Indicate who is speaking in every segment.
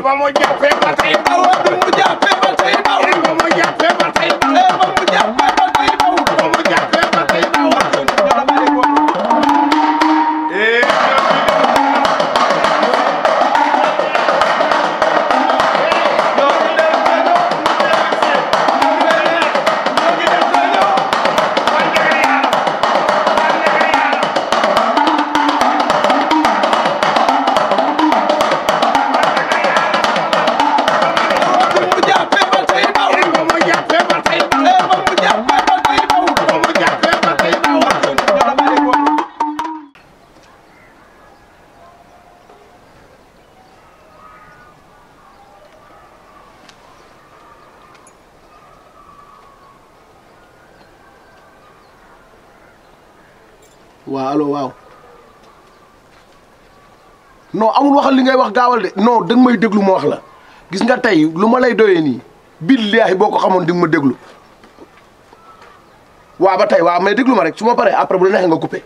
Speaker 1: Vamos ya, pega, tripa. Vamos ya, Vamos ya, waaw allo waaw noo amul waxal li ngay wax gaawal de non danga may déglu ma wax la gis nga tey lu ma lay doyee nii billaahi boo ko xamoon di ma déglu waa ba tey waaw may déglu ma rek su ma paree après bu la neexee nga coupé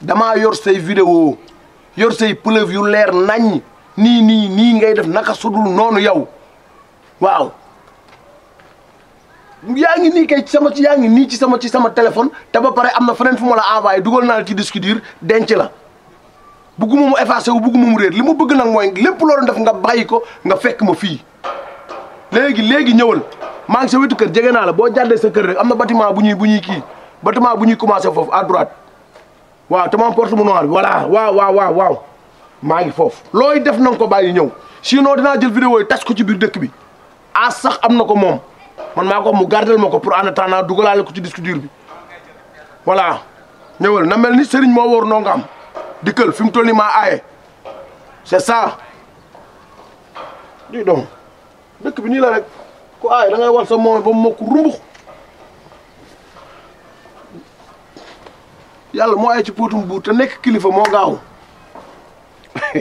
Speaker 1: damaa yor say vidéo yor say preuve yu leer naññ nii nii nii ngay def naka sudul noonu yow waaw yaa ngi nii kay ci sama ci yaa ngi nii ci sama ci sama téléphone te ba pare am na feneen fu ma la envoyé dugal naa la ci disque dur denc la bugguma mu effacé wu bugguma mu réer li mu bëgg nag mooy lépp loolu def nga bàyyi ko nga fekk ma fii léegi léegi ñëwal maa ngi sa wetu kër jege naa la boo jàddee sa kër rek am na bâtiment bu ñuy bu ñuy kii bâtiment bu ñuy commencé foofu à droite waaw te moom porte mu noir bi voilà waaw waaw waaw waaw maa ngi foofu looy def na nga ko bàyyi ñëw sinon dinaa jël vidéo yi tas ko ci biir dëkk bi a ah, sax am na ko moom man mako mu gardal mako pour en attendant dugalaale ko ci disque dur bi voilà ñewal na melni Serigne mo wor noo nga am dikkal fi mu toll nii c'est ça di donc nek bi ni la rek ko ay da ngay wal sa moom ba mu rumbu yalla mo ay ci potum bu te nek kilifa mo gaaw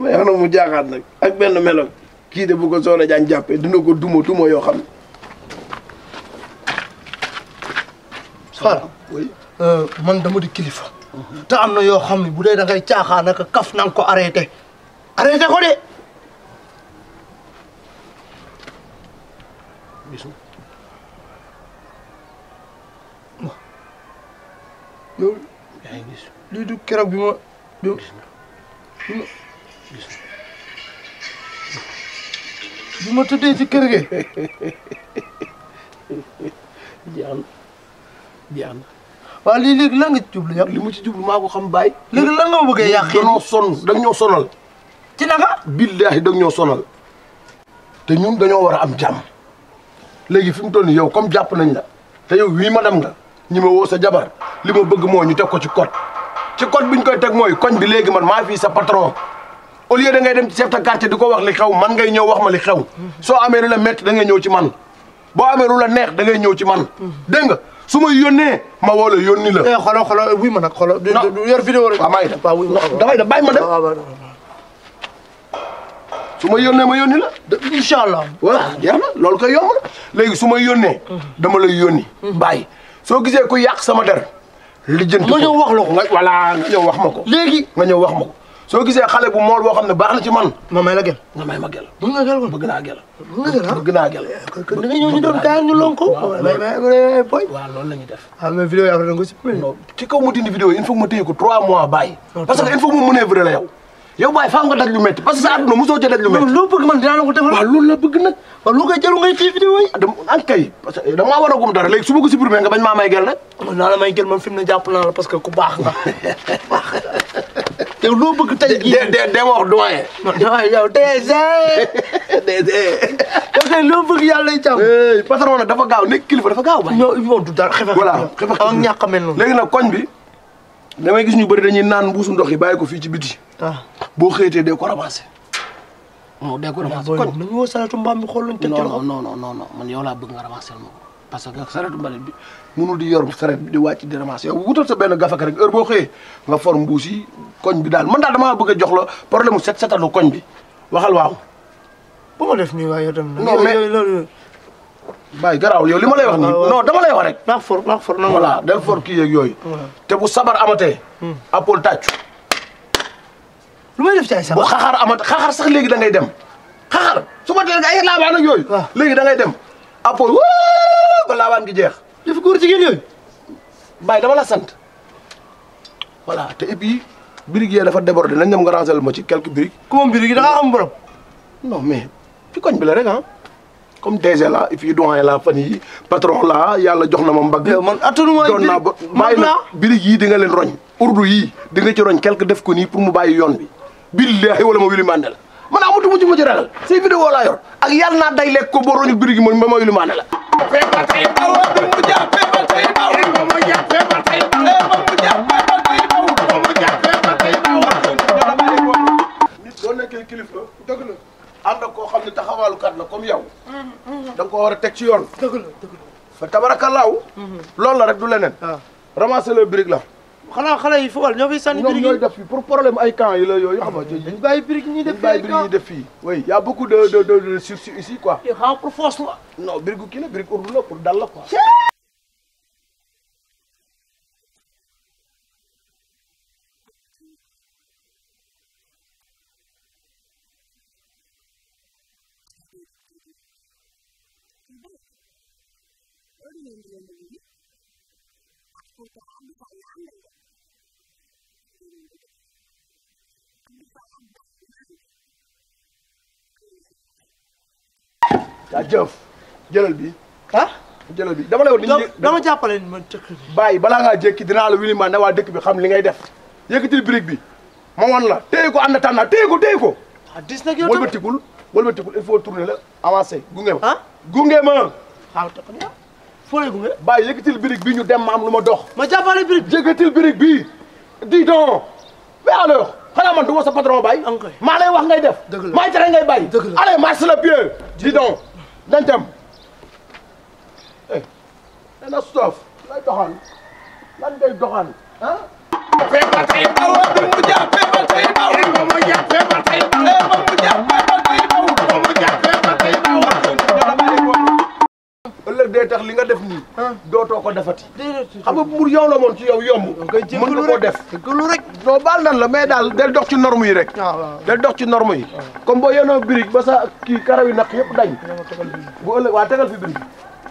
Speaker 1: mais xanaa mu jaaxaat nag ak benn meloog kii de bu ko Soxna Diagne jàppee dina ko duma duma yoo xam ne.
Speaker 2: Euh, man dama di kilifa. te na yoo xam ne bu dee da ngay caaxaan naka kaf na ko arrêté arrêté ko
Speaker 1: bu ma tëddee ci kër gi jeex na jeex na waaw lii léegi lan nga ci jublu yàq li mu ci jublu maa ko xam bàyyi léegi lan nga ma bëggee yàq dañoo sonn ñoo sonal ci naka billahi dag ñoo sonal te ñun dañoo war a am jàmm léegi fi mu toll yow comme jàpp nañ la te yow wii madam nga ñi ma woo sa jabar li ma bëgg moo ñu teg ko ci code ci code bi koy teg mooy koñ bi léegi man maa fi sa patron au lieu da dem ci chef de quartier di ko wax li xew man ngay ñëw wax ma li xew soo amee lu la métti da ñëw ci man boo amee lu la neex dangay ñëw ci man dégg nga su ma yónnee ma woo la yónni la. Eh, xooloo xooloo ma nag xooloo. yor vidéo rek. waaw maa ngi dem waaw wuy ma dafay ma dem. su ma yónnee ma yónni la. incha allah. voilà jeex na loolu koy yomb la léegi su ma yónnee. dama lay yónni. Mm-hmm. bàyyi soo gisee ku yàq sama der. lijjanti ko ñëw wax la ko. voilà nga ñëw wax ma ko. léegi nga ñëw wax ma ko. soo gisee xale bu mool boo xam ne baax na ci man. ma may la gel nga may ma gel bëgg naa gel kon ah. bëgg naa gel. Eh, bëgg naa gel da eh, eh, la ñuy def. ah mais vidéo kaw mu dindi vidéo yi il faut que trois mois bàyyi. parce que il faut que mu mënee vrai la yow. yow bàyyi faa nga daj lu métti parce que sa àdduna mosoo ca lu métti. loo bëgg man dinaa la ko defal. waaw la bëgg nag waaw loo koy jaru ngay téye vidéo yi. Ah, dama damaa war a gum dara léegi su ma ko supprimé nga bañ maa gel nag. man naa la may gel man fi mu yow loo bëgg tey jii de de de wax doyen. doyen yow DG. DG. yow tey loo bëgg eh, dafa gaaw nekk kilifa dafa gaaw ba. ñoo yow du dara xefe voilà xefe ak ñàkk a mel noonu. léegi koñ bi damay gis ñu bëri dañuy naan mbuusu ndox yi bàyyi ko fii ci biti. waaw ah. boo xëytee dee ko ramasser. non ah. dee ko ramasser kon. nañu woo salatu mbaam mi xool luñu teg ci loxo. non non man yow laa bëgg nga ramasser parce que saretu mbalit bi mënul di yor saret di wàcc di ramasser yow ya, wutal sa benn gafaka rek heure boo xëyee nga for mbuus yi koñ bi daal man daal damaa bëgg a jox la problème mu set setalu koñ bi waxal waaw.
Speaker 2: bu ma def nii waaye yow tamit. non mais
Speaker 1: loolu bàyyi yow li lay wax nii non dama lay wax rek. naa for naa for nangu voilà del for kii yeeg yooyu. te bu sabar amatee. Hmm. apol tàccu. lu may def ci ay sabar bu xaxaar amat xaxaar sax léegi da ngay dem xaxaar su ma teel ay laabaan ak yooyu. léegi da ngay dem apol ko lawan gi jeex dafa góor jigéen yoy bay dama la sante voilà te et puis birig yee dafa déborder nañ dem nga rangel ma ci quelques birig comme moom birig da ngaa am borom non mais fi koñ bi la rek hein ah. comme déjà là et puis doyen la fani patron là yalla jox na ma mbagg man atunu doon naa ba bàyyi na birig yii di nga len roñ urdu yi di nga ci roñ quelques def ko ni pour mu bàyyi yoon bi billahi wala ma wili mandela man amatu mu ci mujj ragal say vidéo laa yor ak yàlla naa day lekk ko boo roñu biir gi man ma ma limaane la. feebar tey baw bi mu jàpp feebar tey baw ba mu jàpp feebar tey baw ba mu jàpp feebar tey baw ba mu jàpp feebar tey baw. nit soo nekkee kilifa dëgg la ànd ak koo xam ne taxawaalukat la comme yow. da nga koo war a teg ci yoon. dëgg la dëgg la fa tabarakallaahu. Mhm. loolu la rek du leneen. Ah. ramasser le brique la. xala xala yi fugal ñofi sanni fiy sànni yi ñoom def fi pour problème ay camp yi la yooyu xam nga. dañu bàyyi briques ñi def fii ay camp def fi oui ya beaucoup de de de de sur ici quoi. et xam pour force la. non brique ki la brique urdu la pour dal la quoi.
Speaker 3: Thank you. daa
Speaker 1: jëf bi ah jëlal bi dama lay woon. dama dama jàppale ni ma dëkk bi. bàyyi balaa ngaa jékki dinaa la ma ne waa dëkk bi xam li ngay def yëkkatil biri bi ma wan la téye ko ànd tànn téye ko téye ko. ah dis nag yow tamit la avancer gunge ma. gunge ma. xaaral ah, toog na foo gunge. bàyyi yëkkatil brique bi ñu dem ma lu ma dox. ma jàppale brique bi yëkkatil brique bi dis donc mais xanaa man du sa patron bay ma lay wax ngay def ma tere ngay bay allez marche le pieu dis donc dañ dem ana eh, soof lay doxaan lan ngay doxaan ah feebar tey daw ba ba li nga def nii ah. dootoo ko defati xam nga pour yow la moom ci yow yomb mën nga koo def jéggalu rek doo baal nan la mais daal del dox ci norme yi rek ah, del dox ci norme yi ah. comme boo yenoo birig ba sa kii karaw yi naq yëpp dañ bu ëllëg waa tegal fi birig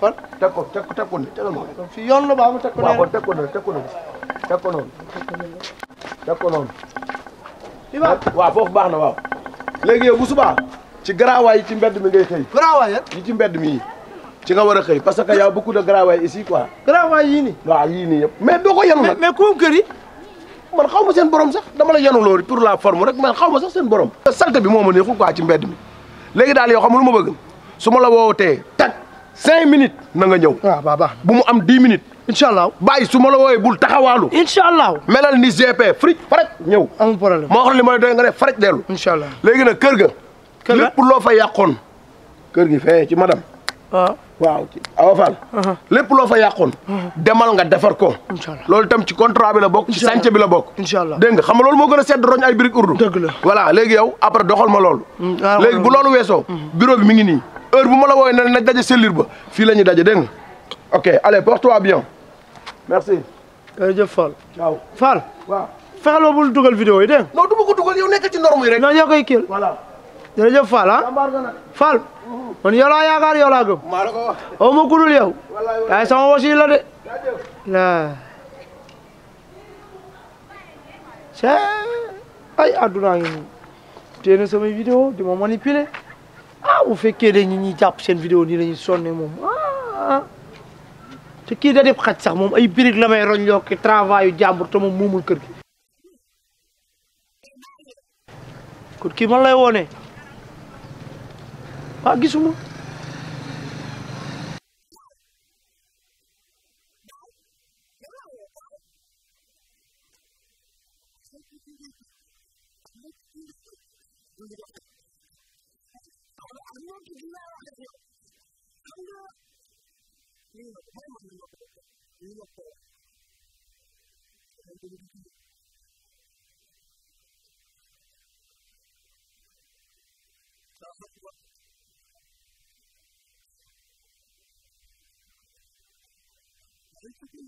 Speaker 1: fan teg ko teg ko teg ko ne tegal ma fi la baa ma teg ko waaw kon teg ko noonu teg ko noonu teg ko foofu baax na waaw léegi yow bu subaa ci garaawaay yi ci mbedd mi ngay xëy garaawaay yi ci mbedd mi ci nga war a xëy parce que y' a beaucoup de gravailles ici quoi. gravailles yii nii. waaw yii nii yëpp kuum kër man xaw ma seen borom sax dama la yanu loolu pour la forme rek man xaw ma sax seen borom. salte bi moo ma neexul quoi ci mbedd mi léegi daal yoo xam lu ma bëgg su ma la woowatee tag cinq minutes na nga ñëw. waaw ah, baax bu mu am dix minutes. incha allah bàyyi su ma la wooyee bul taxawaalu. incha allah melal ni GP frij faraj ñëw. amul problème moo xam li ma la doy nga ne faraj dellu. incha allah kër ga. kër ga loo fa yàqoon kër gi fee ci madame. Ah. waaw a Fall uh-huh. lépp loo fa yàqoon uh-huh. demal nga defar ko loolu itam ci contrat bi la bokk ci sànce bi la bokk inshallah dégg nga xam nga loolu moo gën a sedd roñ ay birig urdu dëgg la voilà léegi yow après doxal ma lool mm, ah, léegi bu loolu weesoo mm-hmm. bureau mi ngi nii heure bu ma la wooyee ne nañ daje ba fii la ñuy daje dégg nga ok allez porte-toi bien merci
Speaker 2: jërëjëf Fall ciao Fall waaw fexeel bul dugal vidéo yi dégg non du ko dugal yow nekk ci norme yi rek non yaa koy kiil jërëjëf Fall ah Fall man yow laa yaakaar yow laa gëm aw ma kudul sama wasi la de la ce ay addunaa ngi nii teena samay vidéo di ma manipuler ah bu fekkee de ñi ñuy jàpp seen vidéo nii lañuy sonne moom ah te kii de def xaj sax moom ay birig la may roñ loo ki travail yu jàmbur te moom muumul kër gi kon kii man lay woone Pagi semua.
Speaker 3: Thank you. This is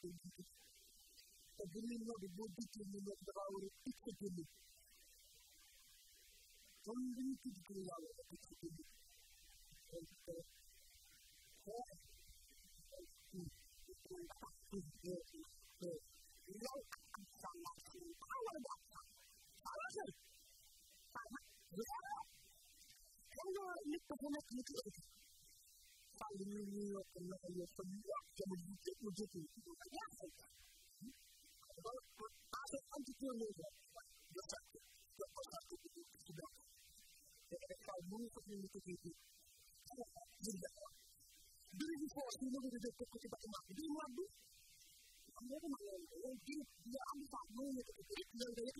Speaker 3: ചെയ്യുന്നത് അഗ്നിയോട് ബോധിക്കുന്നു ആ ഒരു ഇഷ്ടത്തിലും സ്വന്തം Thank you. non pallinio con lei e con io siamo tutti tutti tutti la Africa allora passa tanti chilometri da tanto da passare tutto questo da e fa molto più di tutti allora diciamo dove si può si muove da tutto questo da ma di nuovo allora ma non è più di ambito non è più di